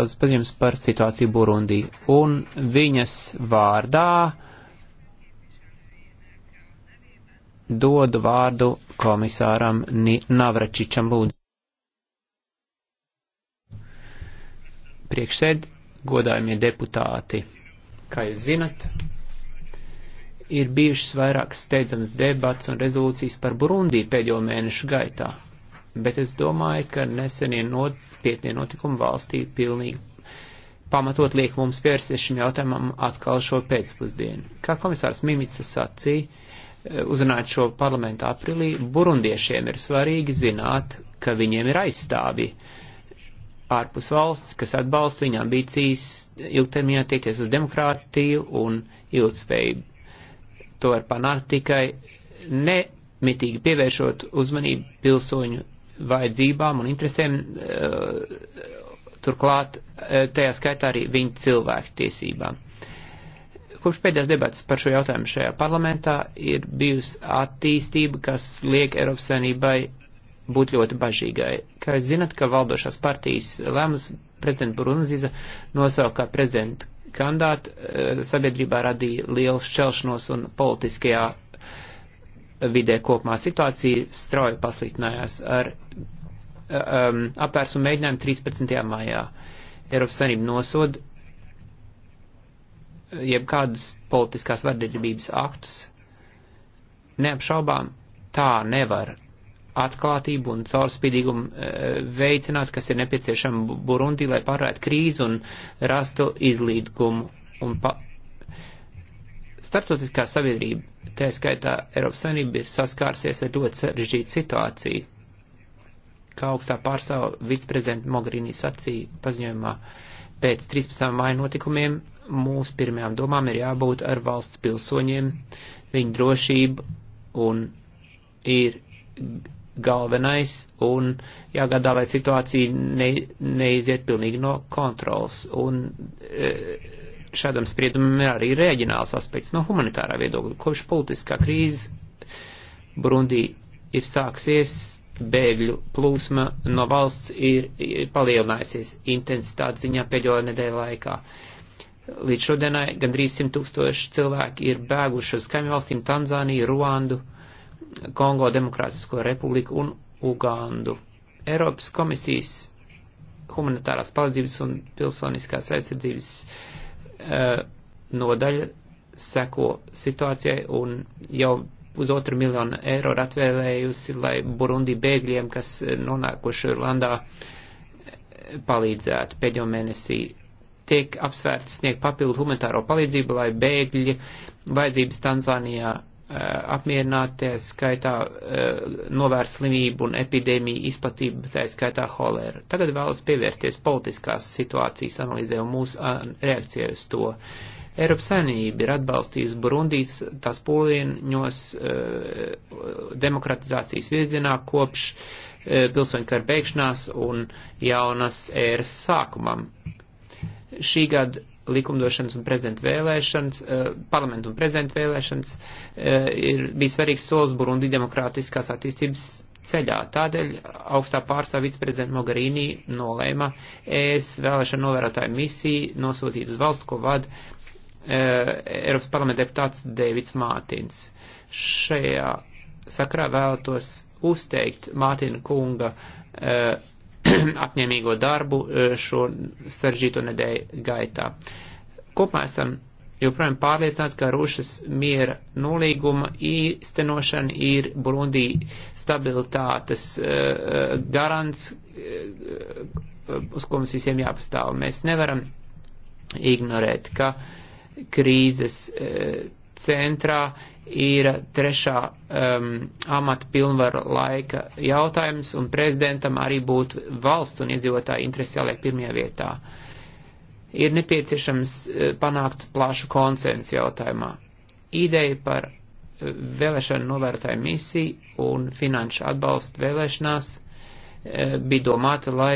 paziņojums par situāciju Burundī. Un viņas vārdā dodu vārdu komisāram Navračičam Lūdzu. Priekšsēd, godājumie deputāti, kā jūs zinat, ir bijušas vairākas steidzamas debats un rezolūcijas par Burundī pēdējo mēnešu gaitā bet es domāju, ka nesenie nopietnie notikumi valstī pilnīgi pamatot liek mums pievērsties šim jautājumam atkal šo pēcpusdienu. Kā komisārs Mimica sacīja, eh, uzrunājot šo parlamentu aprilī, burundiešiem ir svarīgi zināt, ka viņiem ir aizstāvi ārpus valsts, kas atbalsta viņa ambīcijas ilgtermiņā tiekties uz demokrātiju un ilgspējību. To var panākt tikai nemitīgi pievēršot uzmanību pilsoņu vajadzībām un interesēm, eh, turklāt eh, tajā skaitā arī viņa cilvēku tiesībām. Kopš pēdējās debatas par šo jautājumu šajā parlamentā ir bijusi attīstība, kas liek Eiropas Savienībai būt ļoti bažīgai. Kā jūs zinat, ka valdošās partijas lēmums prezidenta Brunzīza nosauka prezidenta kandidātu eh, sabiedrībā radīja lielu šķelšanos un politiskajā vidē kopumā situācija strauji pasliktinājās ar um, apvērsumu mēģinājumu 13. maijā. Eiropas Savienība nosod uh, jebkādas politiskās vardarbības aktus. Neapšaubām tā nevar atklātību un caurspīdīgumu e, veicināt, kas ir nepieciešama Burundi, lai pārvarētu krīzi un rastu izlīdgumu un pa, Startautiskā sabiedrība, tā skaitā Eiropas Savienība, ir saskārsies ar ļoti sarežģītu situāciju. Kā augstā pārstāva viceprezidenta Mogherini sacīja paziņojumā, pēc 13. māja notikumiem mūsu pirmajām domām ir jābūt ar valsts pilsoņiem, viņu drošību un ir galvenais un jāgādā, lai situācija ne, neiziet pilnīgi no kontrols. Un, e, šādam spriedumam ir arī reģionāls aspekts no humanitārā viedokļa. Kopš politiskā krīzes Burundī ir sāksies bēgļu plūsma no valsts ir palielinājusies intensitātes ziņā pēdējo nedēļu laikā. Līdz šodienai gandrīz 100 tūkstoši cilvēki ir bēguši uz kaimiņu valstīm Tanzāniju, Ruandu, Kongo Demokrātisko republiku un Ugandu. Eiropas komisijas humanitārās palīdzības un pilsoniskās aizsardzības uh, E, nodaļa seko situācijai un jau uz otru miljonu eiro ir atvēlējusi, lai Burundi bēgļiem, kas nonākuši Irlandā, palīdzētu pēdējo mēnesī. Tiek apsvērts sniegt papildu humanitāro palīdzību, lai bēgļi vajadzības Tanzānijā Eh, apmierināties, skaitā eh, novērst slimību un epidēmiju izplatību, tā skaitā holēru. Tagad vēlas pievērsties politiskās situācijas analīzē un mūsu eh, reakcijai uz to. Eiropas Savienība ir atbalstījusi Burundijas tās pūliņos demokratizācijas virzienā kopš pilsoņu kara beigšanās un jaunas ēras sākumam. Šī gada likumdošanas un prezidenta vēlēšanas, eh, parlamentu un prezidenta vēlēšanas eh, ir bijis svarīgs solis Burundi demokrātiskās attīstības ceļā. Tādēļ augstā pārstāvja viceprezidenta Mogherini nolēma ES vēlēšana novērotāju misiju nosūtīt uz valstu, ko vada eh, Eiropas parlamenta deputāts Dēvids Mātins. Šajā sakrā vēlētos uzteikt Mātina kunga uh, apņēmīgo darbu e, šo saržīto nedēļu gaitā. Kopumā esam joprojām pārliecināti, ka Rūšas miera nolīguma īstenošana ir Burundī stabilitātes e, e, garants, uz ko mums visiem jāpastāv. Mēs nevaram ignorēt, ka krīzes centrā ir trešā um, amata pilnvaru laika jautājums, un prezidentam arī būtu valsts un iedzīvotāju interesi jāliek pirmajā vietā. Ir nepieciešams eh, panākt plašu konsensu jautājumā. Ideja par eh, vēlēšanu novērtāju misiju un finanšu atbalstu vēlēšanās eh, bija domāta, lai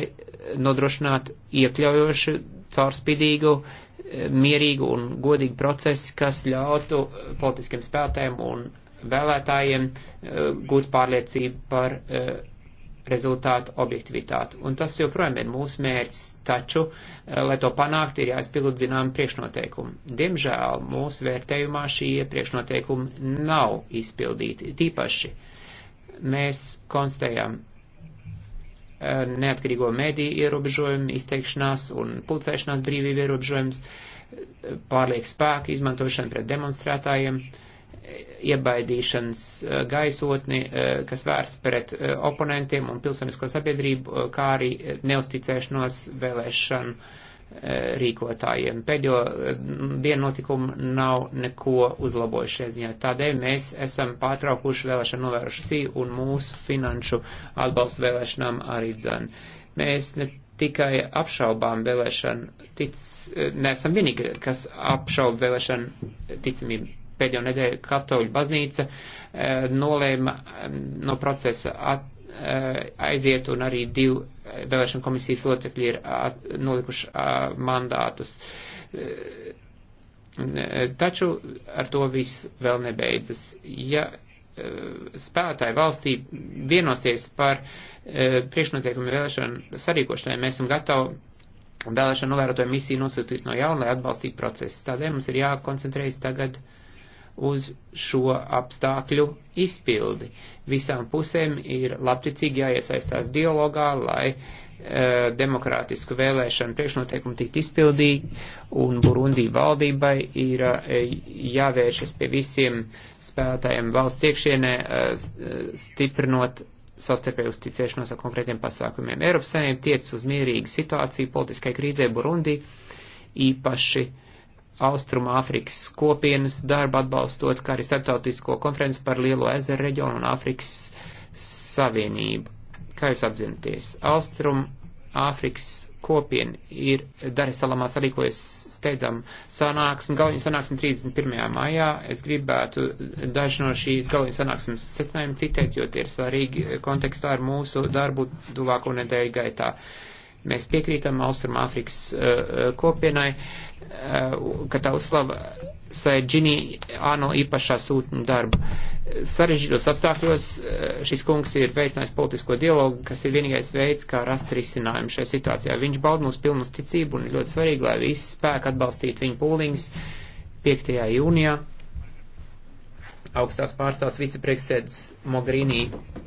nodrošinātu iekļaujošu, caurspīdīgu uh, mierīgu un godīgu procesu, kas ļautu politiskiem spēlētājiem un vēlētājiem eh, gūt pārliecību par eh, rezultātu objektivitāti. Un tas joprojām ir mūsu mērķis, taču, eh, lai to panākt, ir jāizpild zinām priekšnoteikumi. Diemžēl mūsu vērtējumā šie priekšnoteikumi nav izpildīti. Tīpaši mēs konstatējam Eh, neatkarīgo mediju ierobežojumi, izteikšanās un pulcēšanās brīvība ierobežojums, eh, pārlieku spēku izmantošana pret demonstrētājiem, eh, iebaidīšanas gaisotni, kas vērsts pret oponentiem un pilsonisko sabiedrību, kā arī neusticēšanos vēlēšanu Eh, rīkotājiem. Pēdējo eh, dienu notikumu nav neko uzlabojušies ziņā. Tādēļ mēs esam pārtraukuši vēlēšanu novēršanas un mūsu finanšu atbalstu vēlēšanām arī dzan. Mēs ne tikai apšaubām vēlēšanu, tic, eh, neesam vienīgi, kas apšauba vēlēšanu ticamību. Pēdējo nedēļu katoļu baznīca nolēma no procesa at Eh, aiziet, un arī divi eh, vēlēšana komisijas locekļi ir eh, nolikuši mandātus. Taču ar to viss vēl nebeidzas. Ja spēlētāji valstī vienosies par priekšnotiekumu vēlēšanu sarīkošanai, mēs esam gatavi vēlēšanu novērotāju misiju nosūtīt no jauna, lai atbalstītu procesu. Tādēļ mums ir jākoncentrējas tagad uh, uz šo apstākļu izpildi. Visām pusēm ir labticīgi jāiesaistās dialogā, lai e, demokrātisku vēlēšanu priekšnoteikumu tikt izpildīti, un Burundī valdībai ir e, jāvēršas pie visiem spēlētājiem valsts iekšienē, e, e stiprinot savstarpēju uzticēšanos ar konkrētiem pasākumiem. Eiropas saimniecība tiec uz mierīgu situāciju politiskai krīzē Burundī, īpaši uh, Austrum Āfrikas kopienas darbu atbalstot, kā arī starptautisko konferenci par Lielo ezeru reģionu un Āfrikas Savienību. Kā jūs apzināties? Austrum Āfrikas kopiena ir Daresalamā sarīkojas steidzam sanāksmi, galviņa sanāksmi 31. maijā. Es gribētu daži no šīs galviņa sanāksmes secinājumu citēt, jo tie ir svarīgi kontekstā ar mūsu darbu tuvāko nedēļu gaitā. Mēs piekrītam Austrum Āfrikas uh, eh, eh, kopienai. Uh, Eh, ka tā uzslava Saidžini Ano īpašā sūtņu darbu. Sarežģītos apstākļos eh, šis kungs ir veicinājis politisko dialogu, kas ir vienīgais veids, kā rast risinājumu šajā situācijā. Viņš bauda mūsu pilnu ticību un ir ļoti svarīgi, lai visi spēki atbalstītu viņu pūliņus 5. jūnijā. Augstās pārstāvs vicepriekšsēdz Mogrīnī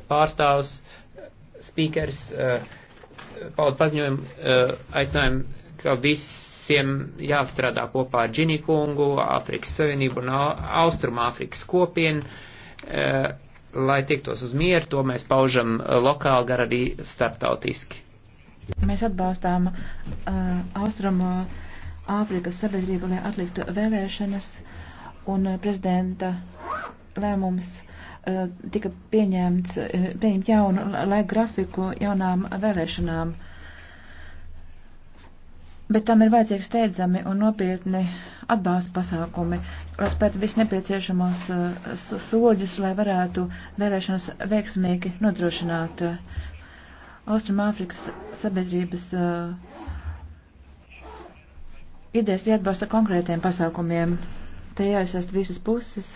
pārstāvs, spīkers, eh, pauda paziņojumu, aicinājumu, ka viss visiem jāstrādā kopā ar Džini kungu, Āfrikas Savienību un Austrumāfrikas kopienu, eh, lai tiktos uz mieru, to mēs paužam eh, lokāli, gar arī starptautiski. Mēs atbalstām uh, eh, Austrumu Āfrikas sabiedrību, lai atliktu vēlēšanas, un prezidenta lēmums uh, tika pieņemts, pieņemt jaunu laika grafiku jaunām vēlēšanām. Uh, bet tam ir vajadzīgi steidzami un nopietni atbalsta pasākumi, lai spētu visu nepieciešamos eh, soļus, lai varētu vēlēšanas veiksmīgi nodrošināt eh, Austrumāfrikas sabiedrības eh, idejas jāatbalsta konkrētiem pasākumiem. Te jāiesaist visas puses.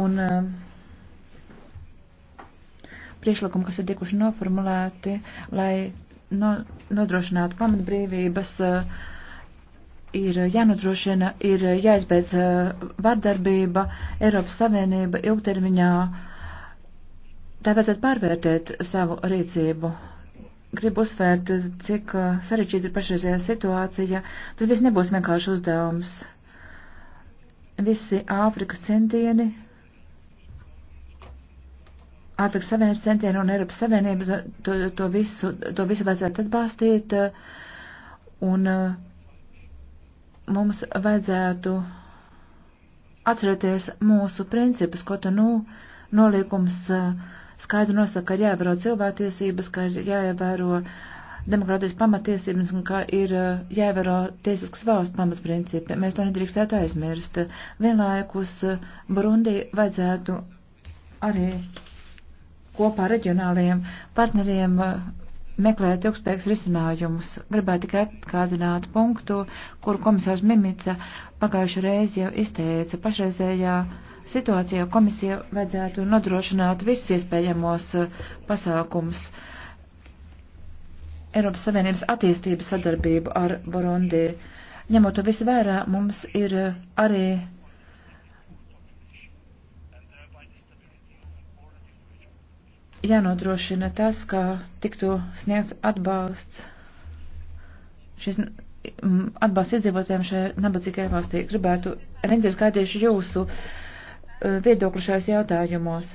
Un uh, priekšlikumi, kas ir tikuši noformulēti, lai no, nodrošinātu pamatbrīvības, eh, ir jānodrošina, ir jāizbeidz eh, vardarbība, Eiropas Savienība ilgtermiņā. Tā vajadzētu pārvērtēt savu rīcību. Gribu uzsvērt, cik eh, sarežģīta ir pašreizējā situācija. Tas viss nebūs vienkārši uzdevums. Visi Āfrikas centieni Āfrikas Savienības centieni un Eiropas Savienība, to, to, visu, to visu vajadzētu atbalstīt. Eh, un eh, mums vajadzētu atcerēties mūsu principus, ko tad nu noliekums eh, skaidri nosaka, ka ir jāievēro cilvēktiesības, ka ir jāievēro demokrātijas pamatiesības un ka ir jāievēro tiesiskas valsts pamatprincipi. Mēs to nedrīkstētu aizmirst. Vienlaikus Burundi vajadzētu arī kopā ar reģionāliem partneriem uh, meklēt ilgspējīgs risinājumus. Gribētu tikai atkādināt punktu, kuru komisārs Mimica pagājušajā reizē jau izteica pašreizējā situācijā komisija vajadzētu nodrošināt visus iespējamos uh, pasākumus Eiropas Savienības attīstības sadarbību ar Burundi. Ņemot to visu vērā, mums ir uh, arī jānodrošina tas, ka tiktu sniegts atbalsts šis mm, atbalsts iedzīvotājiem šajā nabadzīgajā valstī. Gribētu rindis gaidīšu jūsu e, viedokli šajos jautājumos.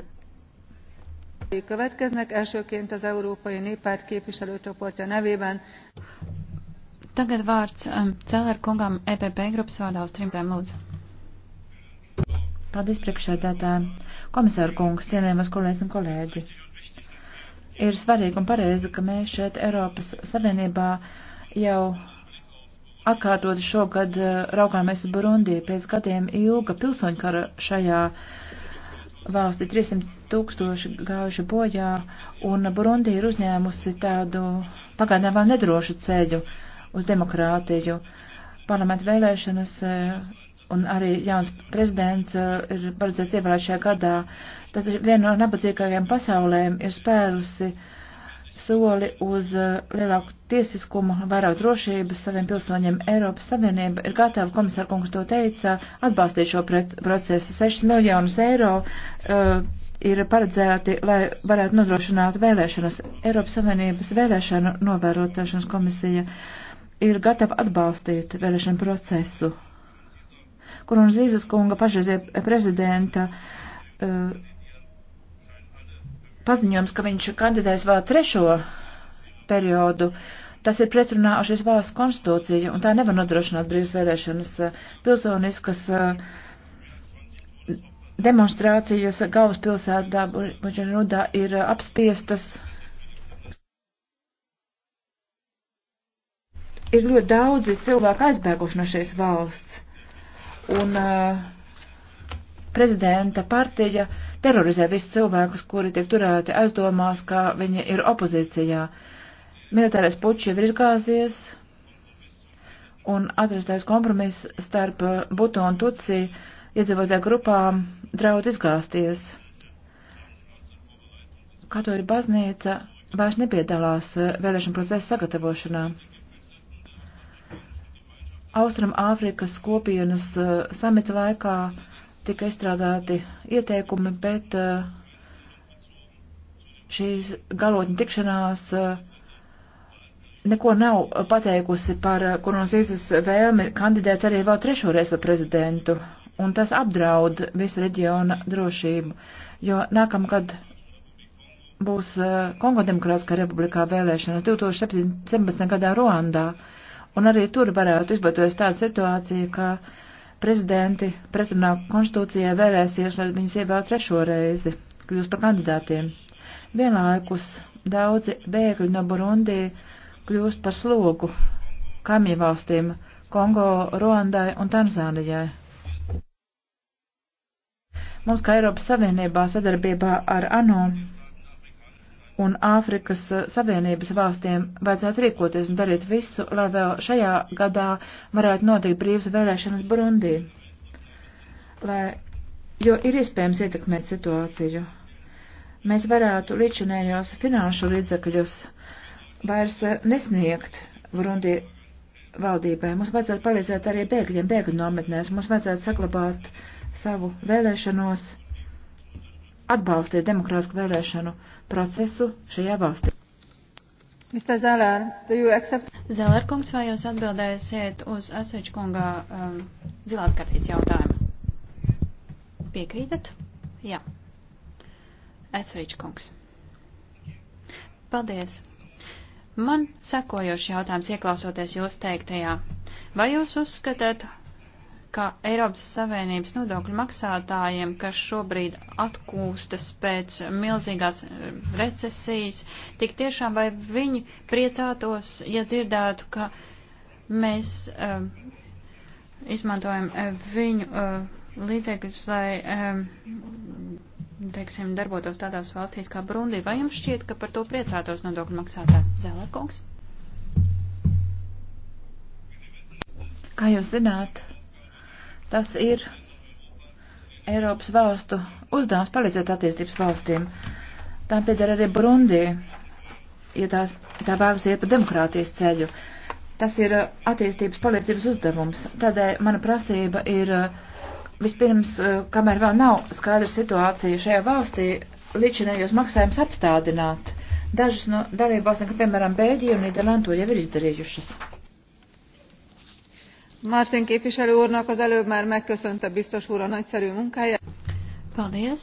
Következnek elsőként az Európai Néppárt képviselőcsoportja nevében. Tagad vārds e, Celer kungam EPP grupas vārdā uz trimtēm lūdzu. Paldies priekšsēdētājiem. Komisāra kungs, cienējamas kolēģis un kolēģi ir svarīgi un pareizi, ka mēs šeit Eiropas Savienībā jau atkārtot šogad eh, raugāmies uz Burundiju pēc gadiem ilga pilsoņkara šajā valstī 300 tūkstoši gājuši bojā, un Burundija ir uzņēmusi tādu pagaidām vēl nedrošu ceļu uz demokrātiju. Parlamentu vēlēšanas eh, un arī jauns prezidents uh, ir paredzēts ievēlēt šajā gadā, tad viena no nabadzīgākajām pasaulēm ir spērusi soli uz uh, lielāku tiesiskumu, vairāk drošības saviem pilsoņiem. Eiropas Savienība ir gatava, komisāra kungs to teica, atbalstīt šo procesu. 6 miljonus eiro uh, ir paredzēti, lai varētu nodrošināt vēlēšanas. Eiropas Savienības vēlēšanu novērotāšanas komisija ir gatava atbalstīt vēlēšanu procesu kur un Zīzes kunga pašreizie prezidenta uh, paziņojums, ka viņš kandidēs vēl trešo periodu, tas ir pretrunā ar šīs valsts konstitūciju, un tā nevar nodrošināt brīvas vēlēšanas uh, pilsoniskas uh, demonstrācijas galvaspilsētā Buģenudā ir apspiestas. Ir ļoti daudzi cilvēki aizbēguši no šīs valsts un uh, prezidenta partija terorizē visus cilvēkus, kuri tiek turēti aizdomās, ka viņi ir opozīcijā. Militārais puķis jau ir izgāzies, un atrastais kompromiss starp Buto un Tutsi iedzīvotāju grupām draud izgāzties. Katoļu baznīca vairs nepiedalās vēlēšana procesa sagatavošanā. Austrum Āfrikas kopienas eh, samita laikā tika izstrādāti ieteikumi, bet eh, šīs galotņa tikšanās eh, neko nav pateikusi par koronavīzes vēlmi kandidēt arī vēl trešo reizi par prezidentu, un tas apdraud visu reģiona drošību, jo nākamgad būs Kongo Demokrātiskā republikā vēlēšanas 2017. gadā Ruandā. Un arī tur varētu izveidoties tāda situācija, ka prezidenti pretrunā konstitūcijai vēlēsies, lai viņas ievēl trešo reizi, kļūst par kandidātiem. Vienlaikus daudzi bēgļi no Burundi kļūst par slogu kaimiņu valstīm Kongo, Ruandai un Tanzānijai. Mums, kā Eiropas Savienībā sadarbībā ar ANO, un Āfrikas eh, Savienības valstīm vajadzētu rīkoties un darīt visu, lai vēl šajā gadā varētu notikt brīvas vēlēšanas Burundī. Lai, jo ir iespējams ietekmēt situāciju. Mēs varētu līdzinējos finanšu līdzakļus vairs eh, nesniegt Burundī valdībai. Mums vajadzētu palīdzēt arī bēgļiem, bēgļu nometnēs. Mums vajadzētu saglabāt savu vēlēšanos atbalstīja demokrātisku vēlēšanu procesu šajā valstī. Zeller, accept... Zeller kungs, vai jūs atbildēsiet uz Asveģa kunga um, zilās kartītes jautājumu? Piekrītat? Jā. Asveģa kungs. Paldies. Man sekojoši jautājums ieklausoties jūs teiktajā. Vai jūs uzskatāt, ka Eiropas Savienības nodokļu maksātājiem, kas šobrīd atkūstas pēc milzīgās eh, recesijas, tik tiešām vai viņi priecātos, ja dzirdētu, ka mēs uh, izmantojam uh, viņu uh, līdzekļus, lai, um, teiksim, darbotos tādās valstīs kā Brundī. Vai jums šķiet, ka par to priecātos nodokļu maksātāji Zēlēkungs? Kā jūs zināt, Tas ir Eiropas valstu uzdevums palīdzēt attīstības valstīm. Tām pieder arī Burundi, ja tās, tā vēlas iet pa demokrātijas ceļu. Tas ir uh, attīstības palīdzības uzdevums. Tādēļ mana prasība ir uh, vispirms, uh, kamēr vēl nav skaidra situācija šajā valstī, līdzinējos maksājums apstādināt. Dažas no dalībvalstīm, kā piemēram Bēļģija un Nīderlanda, to jau ir izdarījušas. Mārtiņ képviselő úrnak az előbb már megköszönte biztos úr a nagyszerű munkáját. Paldies.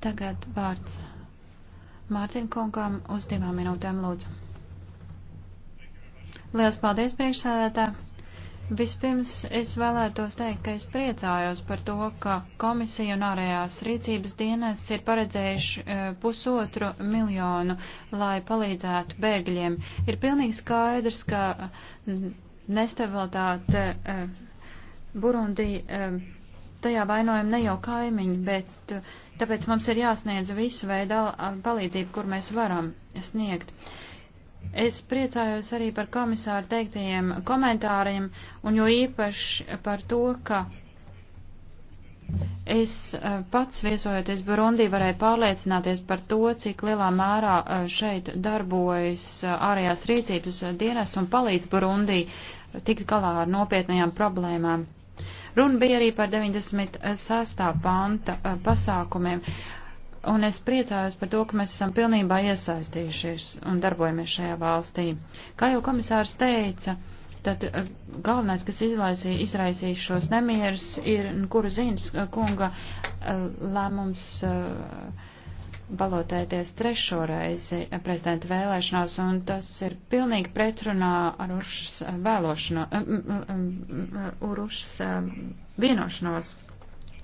Tagad vārds Mārtiņ kungam uz divām minūtēm lūdzu. Liels paldies priekšsēdētā. Vispirms es vēlētos teikt, ka es priecājos par to, ka komisija un ārējās rīcības dienests ir paredzējuši e, pusotru miljonu, lai palīdzētu bēgļiem. Ir pilnīgi skaidrs, ka nestabilitāte eh, Burundī, eh, tajā vainojam ne jau kaimiņi, bet eh, tāpēc mums ir jāsniedz visu veidu palīdzību, kur mēs varam sniegt. Es priecājos arī par komisāru teiktajiem komentāriem, un jo īpaši par to, ka Es eh, pats viesojoties Burundī varēju pārliecināties par to, cik lielā mērā eh, šeit darbojas eh, ārējās rīcības dienas un palīdz Burundī tikt galā ar nopietnajām problēmām. Runa bija arī par 96. panta pasākumiem, un es priecājos par to, ka mēs esam pilnībā iesaistījušies un darbojamies šajā valstī. Kā jau komisārs teica, uh, Tad eh, galvenais, kas izlaisīja, izraisīja šos nemierus, ir kuru ziņas eh, kunga eh, lēmums balotēties trešo reizi prezidenta vēlēšanās, un tas ir pilnīgi pretrunā ar Urušas vēlošano, Urušas vienošanos.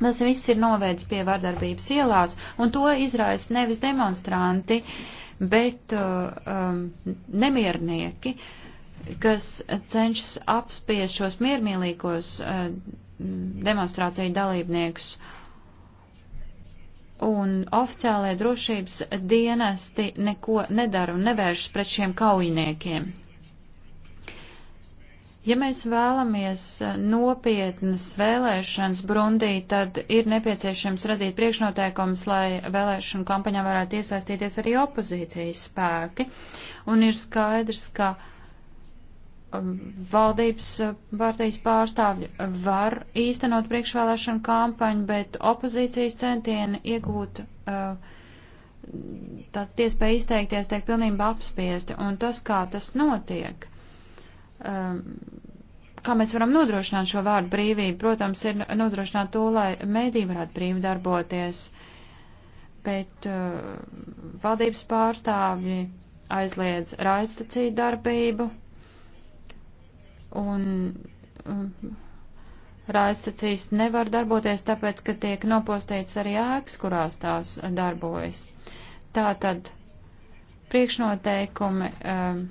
Tas viss ir novēdz pie vardarbības ielās, un to izraisa nevis demonstranti, bet um, nemiernieki. Uh, kas cenšas apspies šos miermīlīgos uh, demonstrāciju dalībniekus. Un oficiālie drošības dienesti neko nedara un nevēršas pret šiem kaujiniekiem. Ja mēs vēlamies eh, nopietnas vēlēšanas Brundī, tad ir nepieciešams radīt priekšnoteikums, lai vēlēšanu kampaņā varētu iesaistīties arī opozīcijas spēki. Un ir skaidrs, ka uh, valdības eh, partijas pārstāvji var īstenot priekšvēlēšanu kampaņu, bet opozīcijas centieni iegūt uh, tātad iespēju izteikties tiek pilnībā apspiesti. Un tas, kā tas notiek, uh, kā mēs varam nodrošināt šo vārdu brīvību, protams, ir nodrošināt to, lai mēdī varētu brīvi darboties, bet uh, valdības pārstāvji aizliedz raidstacīju darbību un um, raizsacīs nevar darboties, tāpēc, ka tiek nopostīts arī ēks, kurās tās darbojas. Tātad priekšnoteikumi um,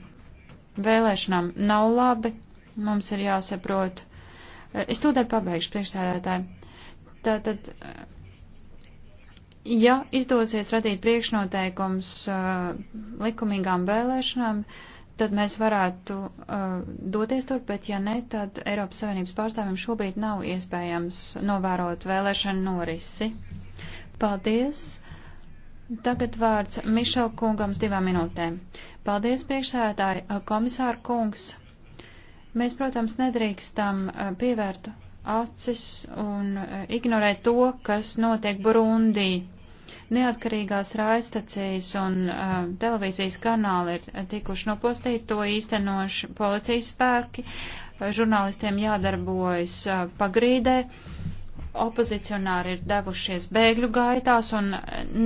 vēlēšanām nav labi, mums ir jāsaprot. Es tūdaļ pabeigšu priekšsēdētāji. Tātad, ja izdosies radīt priekšnoteikums uh, likumīgām vēlēšanām, uh, tad mēs varētu uh, doties tur, bet ja ne, tad Eiropas Savienības pārstāvjiem šobrīd nav iespējams novērot vēlēšanu norisi. Paldies! Tagad vārds Mišel kungams divām minūtēm. Paldies, priekšsēdētāji, uh, komisāra kungs. Mēs, protams, nedrīkstam uh, pievērt acis un uh, ignorēt to, kas notiek Burundī. Neatkarīgās raidstacijas un uh, televīzijas kanāli ir tikuši nopostīti, to īstenoši policijas spēki, žurnālistiem jādarbojas uh, pagrīdē. Uh, opozicionāri ir devušies bēgļu gaitās un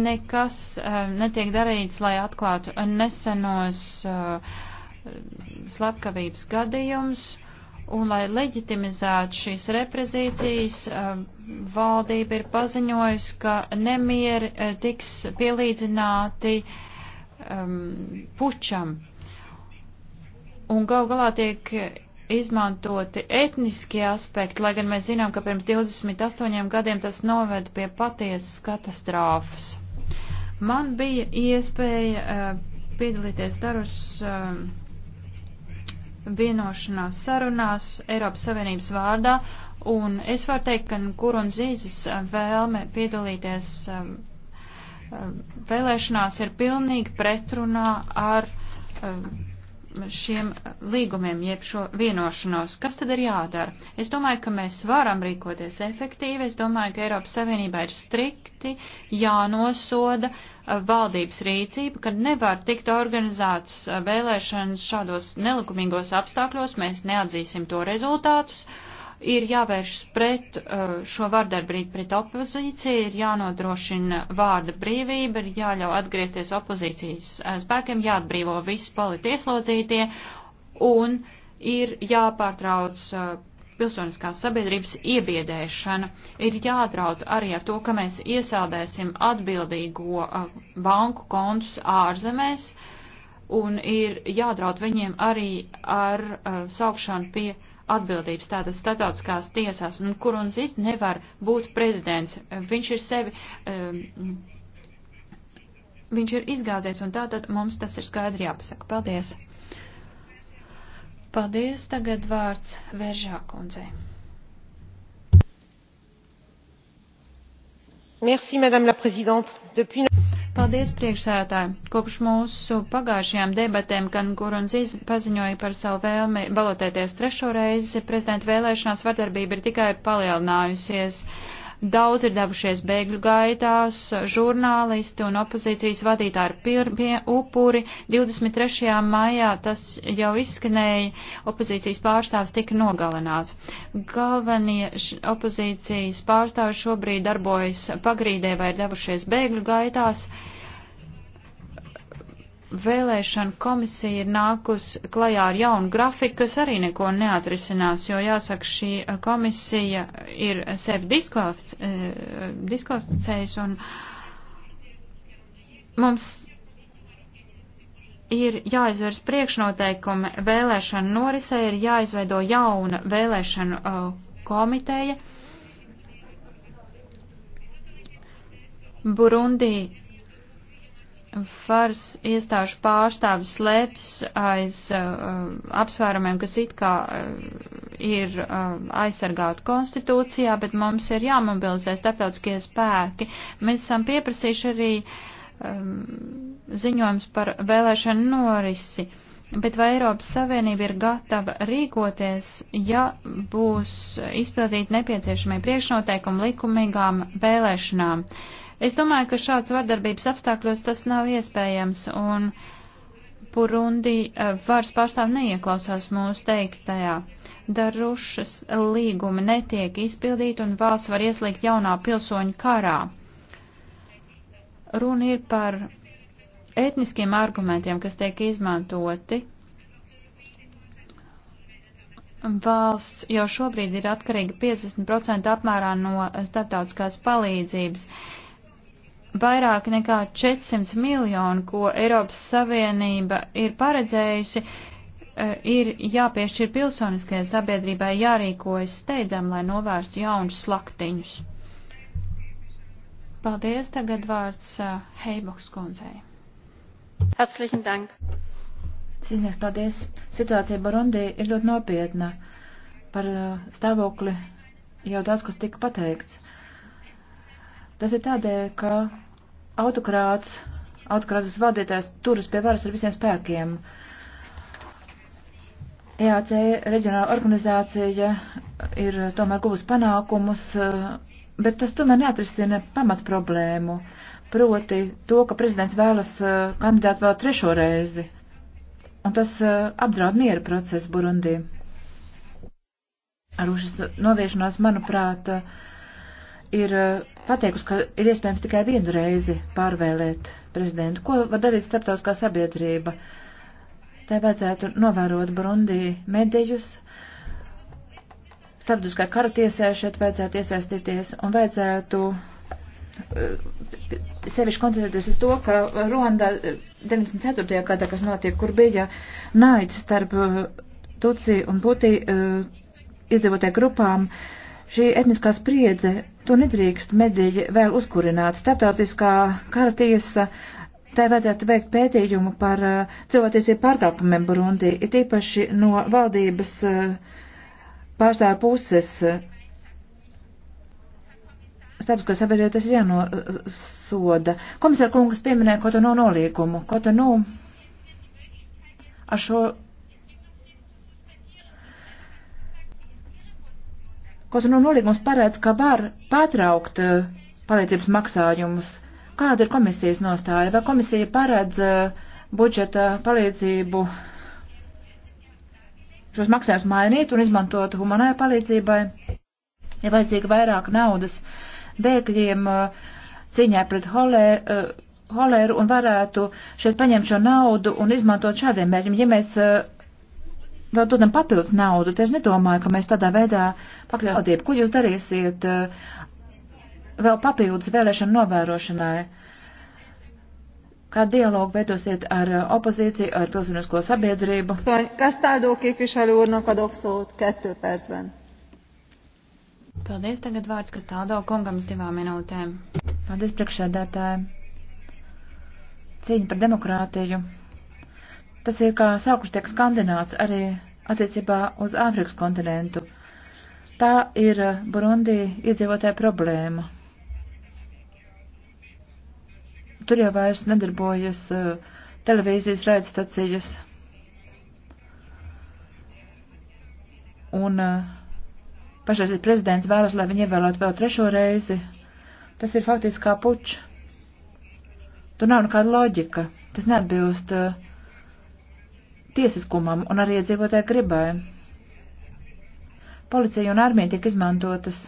nekas uh, netiek darīts, lai atklātu nesenos uh, slepkavības gadījumus. Uh, Un, lai leģitimizētu šīs reprezīcijas, um, valdība ir paziņojusi, ka nemieri eh, tiks pielīdzināti um, pučam. Un gal galā tiek izmantoti etniskie aspekti, lai gan mēs zinām, ka pirms 28 gadiem tas noved pie patiesas katastrofas. Man bija iespēja uh, piedalīties darus. Uh, eh, vienošanās sarunās Eiropas Savienības vārdā, un es varu teikt, ka Kurunzīzes uh, vēlme piedalīties um, um, vēlēšanās ir pilnīgi pretrunā ar um, šiem līgumiem, jeb šo vienošanos. Kas tad ir jādara? Es domāju, ka mēs varam rīkoties efektīvi. Es domāju, ka Eiropas Savienībā ir strikti jānosoda uh, valdības rīcība, kad nevar tikt organizēts uh, vēlēšanas šādos nelikumīgos apstākļos. Mēs neatzīsim to rezultātus. Uh, ir jāvēršas pret uh, šo vardarbrību pret opozīciju, ir jānodrošina vārda brīvība, ir jāļauj atgriezties opozīcijas uh, spēkiem, jāatbrīvo visi politieslodzītie un ir jāpārtrauc uh, pilsoniskās sabiedrības iebiedēšana, ir jādraud arī ar to, ka mēs iesādēsim atbildīgo banku kontus ārzemēs un ir jādraud viņiem arī ar saukšanu pie atbildības tādas starptautiskās tiesās, un Kurunzis nevar būt prezidents. Viņš ir sevi, um, viņš ir izgāzies, un tātad mums tas ir skaidri jāpasaka. Paldies! Paldies, tagad vārds Veržā kundzei. Merci, madame la présidente. Depuis... Paldies, priekšsētāji. Kopš mūsu pagājušajām debatēm, kad Kurunzīs paziņoja par savu vēlmi balotēties trešo reizi, prezidenta vēlēšanās vardarbība ir tikai palielinājusies. Daudz ir devušies bēgļu gaitās, žurnālisti un opozīcijas vadītāji ir pirmie upuri. 23. maijā tas jau izskanēja, opozīcijas pārstāvs tika nogalināts. Galvenie opozīcijas pārstāvi šobrīd darbojas pagrīdē vai ir devušies bēgļu gaitās. Uh, vēlēšana komisija ir nākus klajā ar jaunu grafiku, kas arī neko neatrisinās, jo jāsaka, šī komisija ir sevi eh, diskvalificējusi un mums ir jāizvērs priekšnoteikumi vēlēšanu norisē, ir jāizveido jauna vēlēšanu uh, komiteja. Burundī varas iestāžu pārstāvis slēpjas aiz uh, apsvērumiem, kas it kā uh, ir uh, aizsargāti konstitūcijā, bet mums ir jāmobilizē starptautiskie spēki. Mēs esam pieprasījuši arī um, ziņojums par vēlēšanu norisi, bet vai Eiropas Savienība ir gatava rīkoties, ja būs izpildīti nepieciešamie priekšnoteikumi likumīgām vēlēšanām? Uh, Es domāju, ka šāds vardarbības apstākļos tas nav iespējams, un Purundi eh, varas pārstāv neieklausās mūsu teiktajā. Darušas līgumi netiek izpildīti, un valsts var ieslīgt jaunā pilsoņu karā. Runa ir par etniskiem argumentiem, kas tiek izmantoti. Valsts jau šobrīd ir atkarīga 50% apmērā no starptautiskās palīdzības vairāk nekā 400 miljonu, ko Eiropas Savienība ir paredzējusi, eh, ir jāpiešķir pilsoniskajai sabiedrībai jārīkojas steidzam, lai novērstu jaunus slaktiņus. Paldies, tagad vārds eh, Heiboks kundzei. Herzlichen Dank. Cīnieks, paldies. Situācija Burundi ir ļoti nopietna. Par eh, stāvokli jau daudz kas tika pateikts. Tas ir tādēļ, ka autokrāts, autokrātas vadītājs turas pie varas ar visiem spēkiem. EAC reģionāla organizācija ir tomēr guvusi panākumus, bet tas tomēr neatrisina pamat problēmu, proti to, ka prezidents vēlas e, kandidāt vēl trešo reizi, un tas e, apdraud miera procesu Burundī. Ar ušas noviešanās, manuprāt, uh, ir eh, pateikusi, ka ir iespējams tikai vienu reizi pārvēlēt prezidentu. Ko var darīt starptautiskā sabiedrība? Tai vajadzētu novērot Brundī medijus. Starptautiskā kara tiesē šeit vajadzētu iesaistīties un vajadzētu eh, sevišķi koncentrēties uz to, ka Ruanda 94. Eh, gadā, kas notiek, kur bija naids starp Tuci un Puti iedzīvotāju grupām, uh, Šī etniskā spriedze, to nedrīkst mediji vēl uzkurināt. Starptautiskā kara tiesa Tā vajadzētu veikt pētījumu par uh, cilvēktiesību pārkāpumiem Burundī, it īpaši no valdības uh, pārstāvja puses. Starpsko sabiedrība tas jānosoda. Komisāra kungas pieminēja Kotonu nolīgumu. Kotonu ar šo Kaut no nolīgums paredz, ka var pārtraukt eh, palīdzības maksājumus. Kāda ir komisijas nostāja? Vai komisija paredz eh, budžeta palīdzību šos maksājumus mainīt un izmantot humanai palīdzībai? Ir ja vajadzīga vairāk naudas bēgļiem eh, cīņā pret holēru holēru un varētu šeit paņemt šo naudu un izmantot šādiem mērķiem. Ja mēs uh, vēl dodam papildus naudu, tad es nedomāju, ka mēs tādā veidā pakļautiem, ko jūs darīsiet eh, vēl papildus vēlēšanu novērošanai. Kā dialogu veidosiet ar eh, opozīciju, ar pilsonisko sabiedrību? Kas tādu képviselő úrnak adok szót kettő percben? Paldies, tagad vārds, kas tādā kungam uz divām minūtēm. Paldies, priekšsēdētāji. Cīņa par demokrātiju Tas ir kā sākums tiek skandināts arī attiecībā uz Āfrikas kontinentu. Tā ir eh, Burundi iedzīvotāja problēma. Tur jau vairs nedarbojas eh, televīzijas raidstacijas. Un eh, pašais ir prezidents vēlas, lai viņi ievēlētu vēl trešo reizi. Tas ir faktiski kā puč. Tur nav nekāda loģika. Tas neatbilst uh, tiesiskumam un arī iedzīvotāju gribai. Policija un armija tiek izmantotas,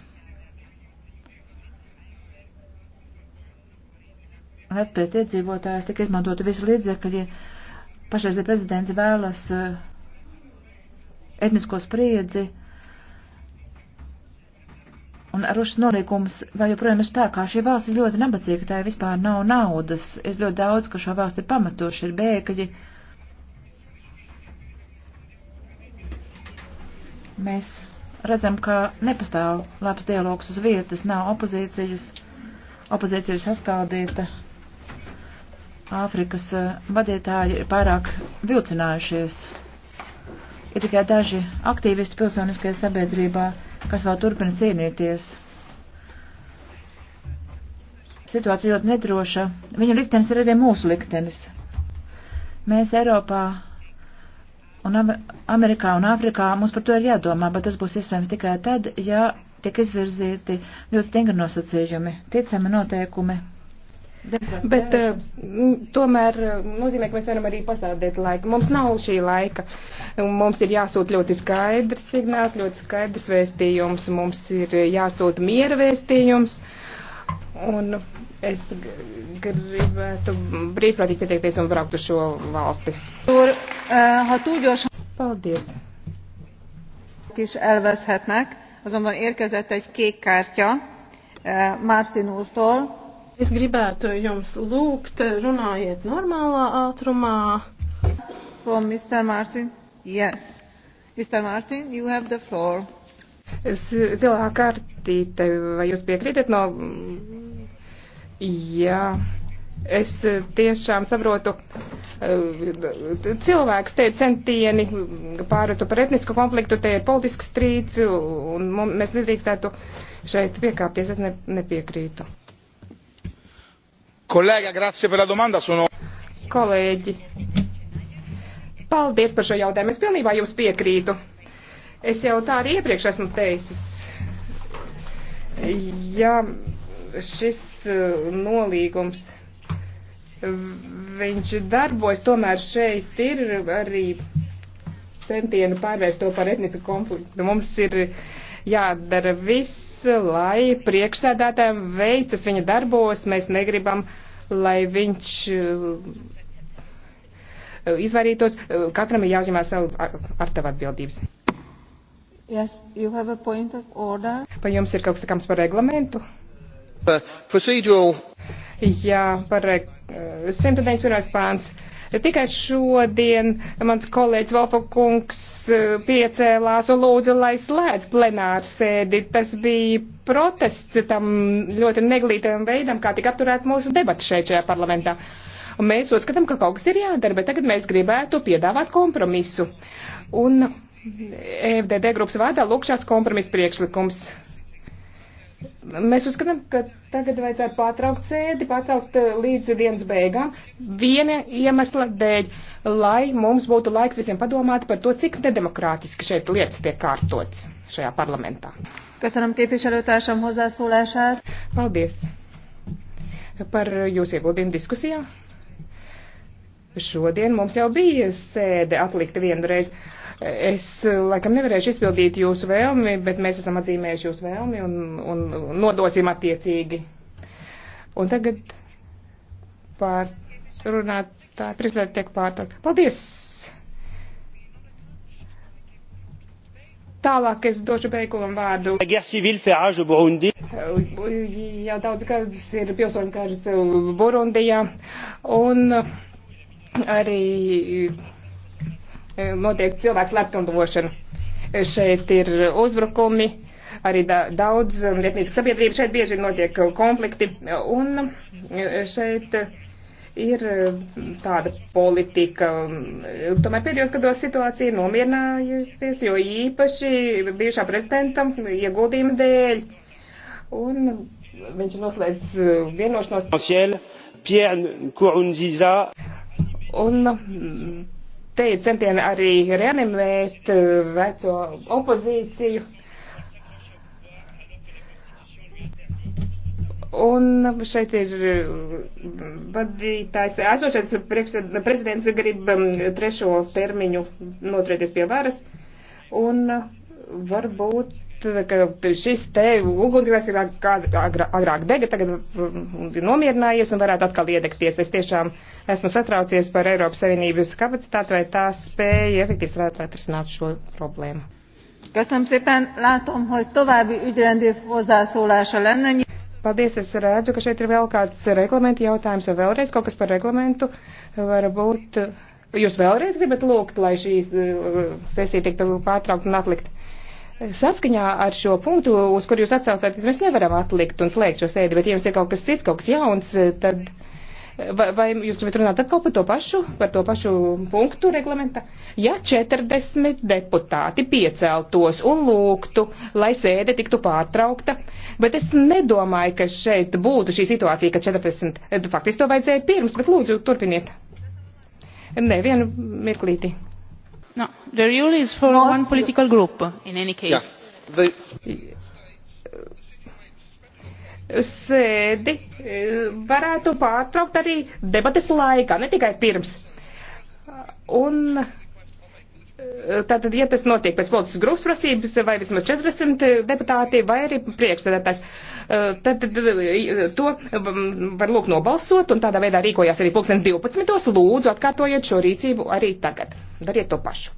lai pēc iedzīvotājs tiek izmantota visu līdzekļi. Pašreiz prezidents vēlas eh, etnisko spriedzi un rušas nolīkums vēl joprojām ir spēkā. Šī valsts ir ļoti nabadzīga, tā vispār nav naudas, ir ļoti daudz, ka šo valstu ir pamatoši, ir bēgļi. Mēs redzam, ka nepastāv labs dialogs uz vietas, nav opozīcijas. Opozīcija ir saskaldīta. Āfrikas eh, vadītāji ir pārāk vilcinājušies. Ir tikai daži aktīvisti pilsoniskajā sabiedrībā, kas vēl turpina cīnīties. Situācija ļoti nedroša. Viņu liktenis ir arī mūsu liktenis. Mēs Eiropā Un Amerikā un Āfrikā mums par to ir jādomā, bet tas būs iespējams tikai tad, ja tiek izvirzīti ļoti stingri nosacījumi, ticami noteikumi. Bet uh, tomēr eh, nozīmē, ka mēs varam arī pasādēt laiku. Mums nav šī laika. Mums ir jāsūt ļoti skaidrs signāls, ļoti skaidrs vēstījums. Mums ir jāsūt miera vēstījums. Uh, Un es gribētu brīvprātīgi pieteikties un braukt uz šo valsti. Tur, eh, ha tūģošan... Paldies. Is elveszhetnek, azonban érkezett egy kék kártya eh, Mártin úrtól. Es gribētu jums lūgt, runājiet normālā ātrumā. From Mr. Martin. Yes. Mr. Martin, you have the floor. Zilā kartīte, vai jūs piekrītat no Jā, es tiešām saprotu, eh, cilvēks te ir centieni pārētu par etnisku konfliktu, te ir politisks strīds, un mēs nedrīkstētu šeit piekāpties, es ne, nepiekrītu. Kolēģa, grazie par la domanda, sono. Kolēģi, paldies par šo jautājumu, es pilnībā jums piekrītu. Es jau tā arī iepriekš esmu teicis. Jā. Ja, šis uh, nolīgums, viņš darbojas, tomēr šeit ir arī centieni pārvērst to par etnisku konfliktu. Mums ir jādara viss, lai priekšsēdētājiem veicas viņa darbos. Mēs negribam, lai viņš uh, izvairītos. Uh, katram ir jāuzņemās savu ar tev atbildības. Yes, you have a point of order. Pa jums ir kaut kas sakāms par reglamentu? Uh, procedural... Jā, par 191. Uh, pāns. Tikai šodien mans kolēģis Volfa kungs uh, piecēlās un lūdza, lai slēdz plenāru sēdi. Tas bija protests tam ļoti neglītajam veidam, kā tika apturēt mūsu debatu šeit šajā parlamentā. Un mēs uzskatām, ka kaut kas ir jādara, bet tagad mēs gribētu piedāvāt kompromisu. Un FDD grupas vārdā lūkšās kompromisu priekšlikums. Mēs uzskatām, ka tagad vajadzētu pārtraukt sēdi, pārtraukt eh, līdz dienas beigām, viena iemesla dēļ, lai mums būtu laiks visiem padomāt par to, cik nedemokrātiski šeit lietas tiek kārtotas šajā parlamentā. Köszönöm képviselőtársam hozzászólását. Paldies par jūsu ieguldījumu diskusijā. Šodien mums jau bija sēde atlikta vienu reizi. Es laikam nevarēšu izpildīt jūsu vēlmi, bet mēs esam atzīmējuši jūsu vēlmi un, un nodosim attiecīgi. Un tagad pārrunātāji, priekšlētāji tiek pārtraukt. Paldies! Tālāk es došu beigulam vārdu. Jau daudz gadus ir pilsoņu kārs Burundijā un arī Eh, notiek cilvēks lepnumdošana. Eh, šeit ir uzbrukumi, arī da, daudz um, vietnīsku sabiedrību, šeit bieži notiek uh, konflikti, un eh, šeit ir tāda politika. Um, tomēr pēdējos gados situācija nomierinājusies, jo īpaši bijušā prezidentam ieguldījuma dēļ. Un viņš noslēdz vienošanos. Un mm, te ir centieni arī reanimēt eh, veco opozīciju. Un šeit ir eh, vadītājs, esošais prezidents grib mm, trešo termiņu noturēties pie varas, un eh, varbūt ka šis te ugunsgrēks ir agrāk dega, tagad nomierinājies un varētu atkal iedegties. Es tiešām esmu satraucies par Eiropas Savienības kapacitāti, vai tā spēja efektīvi varētu atrisināt šo problēmu. Köszönöm szépen, látom, hogy további ügyrendi hozzászólása lenne. Paldies, es redzu, ka šeit ir vēl kāds reglamenta jautājums, vai vēlreiz kaut kas par reglamentu varbūt. Jūs vēlreiz gribat lūgt, lai šī uh, sesija tiktu pārtraukta un atlikta? Saskaņā ar šo punktu, uz kur jūs atsaucāties, mēs nevaram atlikt un slēgt šo sēdi, bet ja jums ir kaut kas cits, kaut kas jauns, eh, tad vai, vai jūs varat runāt atkal par to pašu, par to pašu punktu reglamenta? Ja 40 deputāti pieceltos un lūgtu, lai sēde tiktu pārtraukta, bet es nedomāju, ka šeit būtu šī situācija, ka 40, eh, faktiski to vajadzēja pirms, bet lūdzu turpiniet. Nē, vienu mirklīti. No, the rule is for Not one political group in any case. Yeah. The... Sēdi varētu pārtraukt arī debates laikā, ne tikai pirms. Un Tātad, ja tas notiek pēc politiskas grupas prasības, vai vismaz 40 deputāti, vai arī priekšsēdētājs. Tad to um, var lūk nobalsot, un tādā veidā rīkojās arī 2012. Lūdzu, atkārtojiet šo rīcību arī tagad. Dariet to pašu.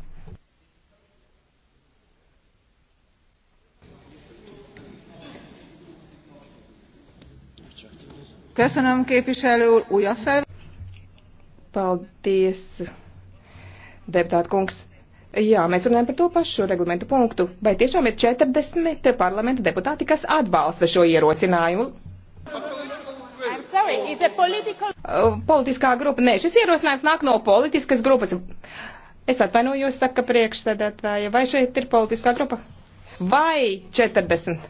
Köszönöm, képviselő úr, újabb fel. Paldies, deputāt kungs. Jā, mēs runājam par to pašu reglamentu punktu. Vai tiešām ir 40 parlamenta deputāti, kas atbalsta šo ierosinājumu? Sorry, political... Uh, politiskā grupa. Nē, šis ierosinājums nāk no politiskas grupas. Es atvainojos, saka priekšsēdētāja. Vai šeit ir politiskā grupa? Vai 40?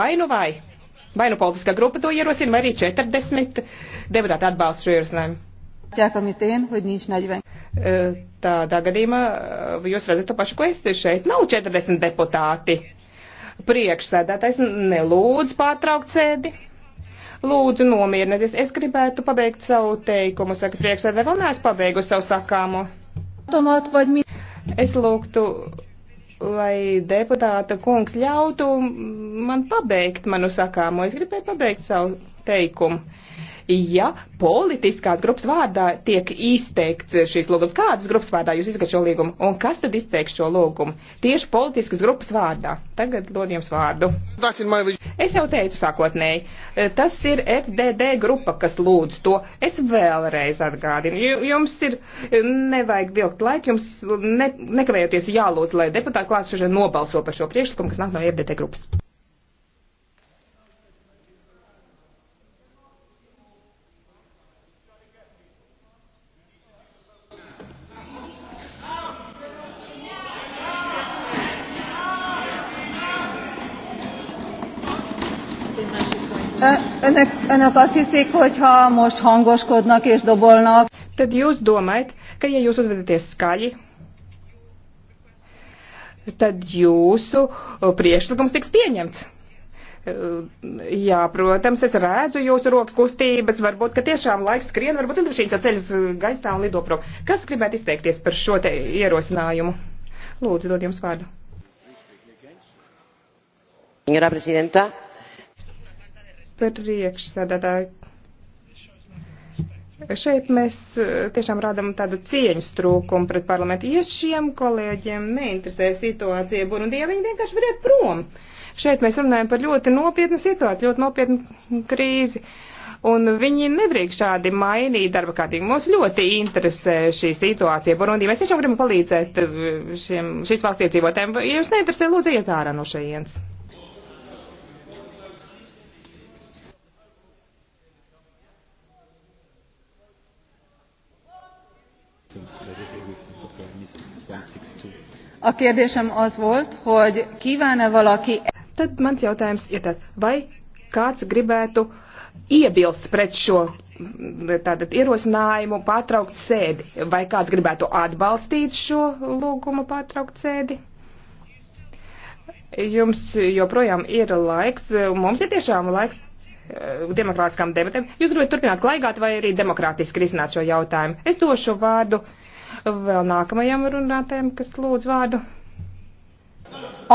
Vai nu vai? Vai nu politiskā grupa to ierosina, vai arī 40 deputāti atbalsta šo ierosinājumu? Tādā gadījumā jūs redzat to pašu, ko es šeit. Nav 40 deputāti. Priekšsēdētājs nelūdz pārtraukt sēdi. Lūdzu, nomierinieties. Es gribētu pabeigt savu teikumu. Saka, priekšsēdē vēl neesmu pabeigusi savu sakāmu. Es lūgtu, lai deputāta kungs ļautu man pabeigt manu sakāmo. Es gribēju pabeigt savu teikumu ja politiskās grupas vārdā tiek izteikts šīs lūgums. Kādas grupas vārdā jūs izgat šo līgumu? Un kas tad izteiks šo lūgumu? Tieši politiskas grupas vārdā. Tagad dod jums vārdu. Es jau teicu sākotnēji, tas ir FDD grupa, kas lūdz to. Es vēlreiz atgādinu, jums ir, nevajag vilkt laiku, jums ne, nekavējoties jālūdz, lai deputāti klāts šodien nobalso par šo priekšlikumu, kas nāk no FDD grupas. önök azt hiszik, hogy ha most hangoskodnak és dobolnak, tad jūs domājat, ka ja jūs uzvedaties skaļi, tad jūsu priekšlikums tiks pieņemts. Jā, protams, es redzu jūsu rokas kustības, varbūt, ka tiešām laiks skrien, varbūt lidmašīnas ceļas gaisā un lido prom. Kas gribētu izteikties par šo te ierosinājumu? Lūdzu, dod jums vārdu. Señora presidenta, priekšsēdētāji. Šeit mēs eh, tiešām rādam tādu cieņas trūkumu pret parlamentu. Ja šiem kolēģiem neinteresē situācija Burundijā, viņi vienkārši var iet prom. Šeit mēs runājam par ļoti nopietnu situāciju, ļoti nopietnu krīzi. Un viņi nedrīkst šādi mainīt darba kārtību. Mums ļoti interesē šī situācija Burundī. Mēs tiešām gribam palīdzēt eh, šiem, šīs valsts iedzīvotājiem. Ja jūs neinteresē, lūdzu, iet ārā no šajienes. A kérdésem az volt, hogy kíván-e valaki... Tad mans jautājums ir tāds, vai kāds gribētu iebilst pret šo tātad ierosinājumu pārtraukt sēdi, vai kāds gribētu atbalstīt šo lūgumu pārtraukt sēdi? Jums joprojām ir laiks, mums ir tiešām laiks eh, demokrātiskām debatēm. Jūs gribat turpināt klaigāt vai arī demokrātiski risināt šo jautājumu? Es došu vārdu vēl nākamajam runātājam, kas lūdz vārdu.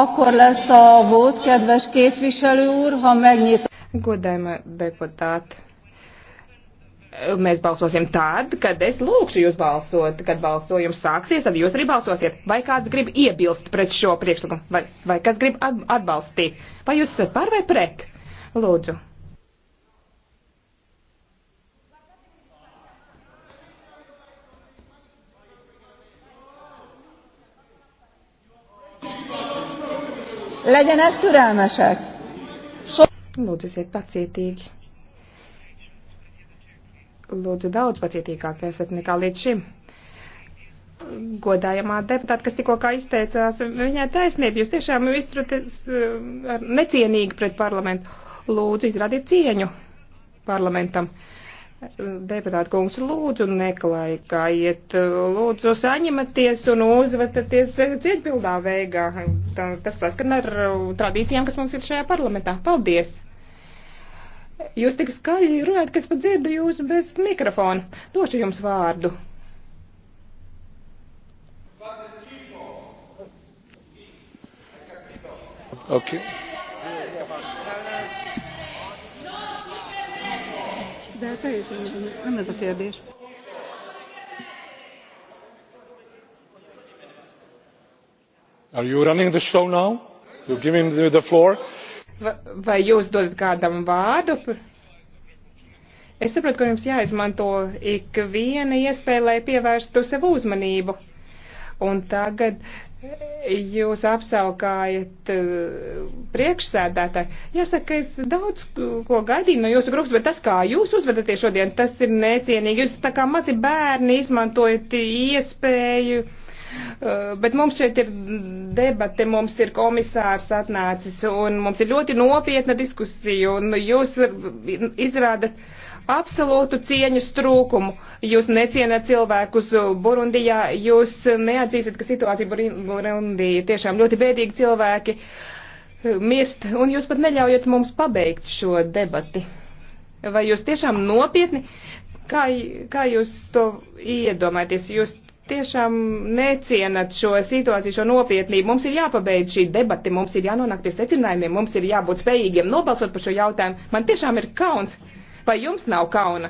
Akkor lesz a vót, kedves képviselő úr, ha megnyit. Godājuma deputāti, mēs balsosim tad, kad es lūkšu jūs balsot. Kad balsojums sāksies, tad jūs arī balsosiet. Vai kāds grib iebilst pret šo priekšlikumu? Vai, vai kas grib atbalstīt? Vai jūs esat par vai pret? Lūdzu. Legyenek türelmesek! So Lūdzu, esiet pacietīgi. Lūdzu, daudz pacietīgāk esat nekā līdz šim. Godājamā deputāta, kas tikko kā izteicās, viņai taisnība, jūs tiešām izturaties eh, necienīgi pret parlamentu. Lūdzu, izradiet cieņu parlamentam. Uh, Deputāti kungs, lūdzu, neklaikājiet, lūdzu, saņematies un uzvedaties cietpildā veigā. Tas saskan ar tradīcijām, kas mums ir šajā parlamentā. Paldies! Jūs tik skaļi runājat, ka es pat dzirdu jūs bez mikrofona. Došu jums vārdu. Okay. de teljesen nem ez a kérdés. Are you running the show now? You're giving me the floor? Vai jūs dodat kādam vārdu? Es saprotu, ka jums jāizmanto ik viena iespēja, lai pievērstu sev uzmanību. Un tagad jūs apsaukājat eh, priekšsēdētāju. Jāsaka, es daudz ko gaidīju no jūsu grupas, bet tas, kā jūs uzvedaties šodien, tas ir necienīgi. Jūs tā kā mazi bērni izmantojat iespēju. Eh, bet mums šeit ir debate, mums ir komisārs atnācis un mums ir ļoti nopietna diskusija un jūs izrādat absolūtu cieņas trūkumu. Jūs necienat cilvēkus Burundijā, jūs neatzīstat, ka situācija Burundijā tiešām ļoti bēdīgi cilvēki mirst, un jūs pat neļaujat mums pabeigt šo debati. Vai jūs tiešām nopietni, kā, kā jūs to iedomājaties, jūs tiešām necienat šo situāciju, šo nopietnību. Mums ir jāpabeidz šī debati, mums ir jānonāk pie secinājumiem, mums ir jābūt spējīgiem nobalsot par šo jautājumu. Man tiešām ir kauns. Vai jums nav kauna?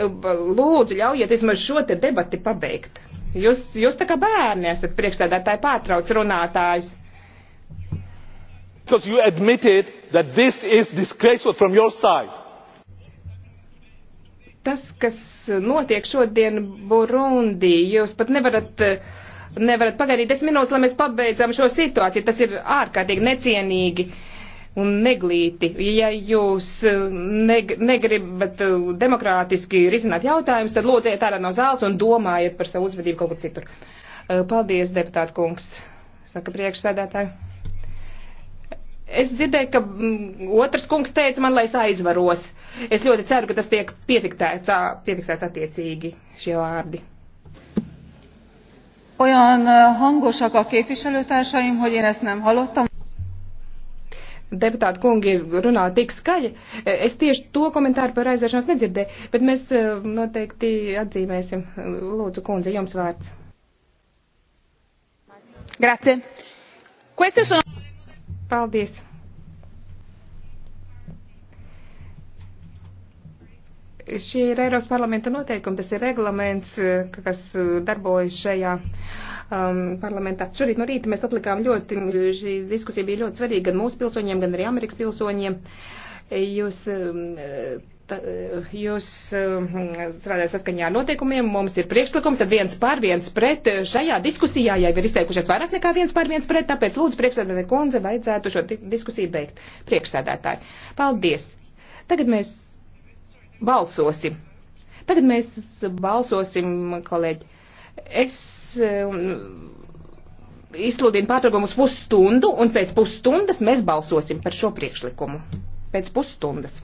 Lūdzu, ļaujiet vismaz šo te debati pabeigt. Jūs, jūs tā kā bērni esat priekšstādātāji pārtrauc runātājs. Because you admitted that this is disgraceful from your side tas, kas notiek šodien Burundī. Jūs pat nevarat, nevarat pagaidīt desmit minūtes, lai mēs pabeidzam šo situāciju. Tas ir ārkārtīgi necienīgi. Uh, un neglīti. Ja jūs eh, neg negribat eh, demokrātiski risināt jautājumus, tad lūdziet ārā no zāles un domājiet par savu uzvedību kaut kur citur. Eh, paldies, deputāta kungs, saka priekšsēdētāji. Es dzirdēju, ka mm, otrs kungs teica man, lai es aizvaros. Es ļoti ceru, ka tas tiek piefiktēts, piefiksēts attiecīgi šie vārdi. Olyan hangosak a képviselőtársaim, hogy én ezt nem hallottam deputāti kungi runā tik skaļi. Es tieši to komentāru par aiziešanos nedzirdēju, bet mēs eh, noteikti atzīmēsim. Lūdzu, kundze, jums vārds. Grazie. Queste sono... Paldies. Šie ir Eiropas parlamenta noteikumi, tas ir reglaments, eh, kas eh, darbojas šajā uh, um, parlamentā. Šorīt no rīta mēs atlikām ļoti, šī diskusija bija ļoti svarīga gan mūsu pilsoņiem, gan arī Amerikas pilsoņiem. Jūs, um, tā, jūs um, strādājat saskaņā ar noteikumiem, mums ir priekšlikumi, tad viens pār viens pret. Šajā diskusijā jau ir izteikušies vairāk nekā viens pār viens pret, tāpēc lūdzu priekšsēdētāja kundze vajadzētu šo diskusiju beigt. Priekšsēdētāji, paldies. Tagad mēs balsosim. Tagad mēs balsosim, kolēģi. Es Um, izsludinu pārtraukumu uz pusstundu, un pēc pusstundas mēs balsosim par šo priekšlikumu. Pēc pusstundas.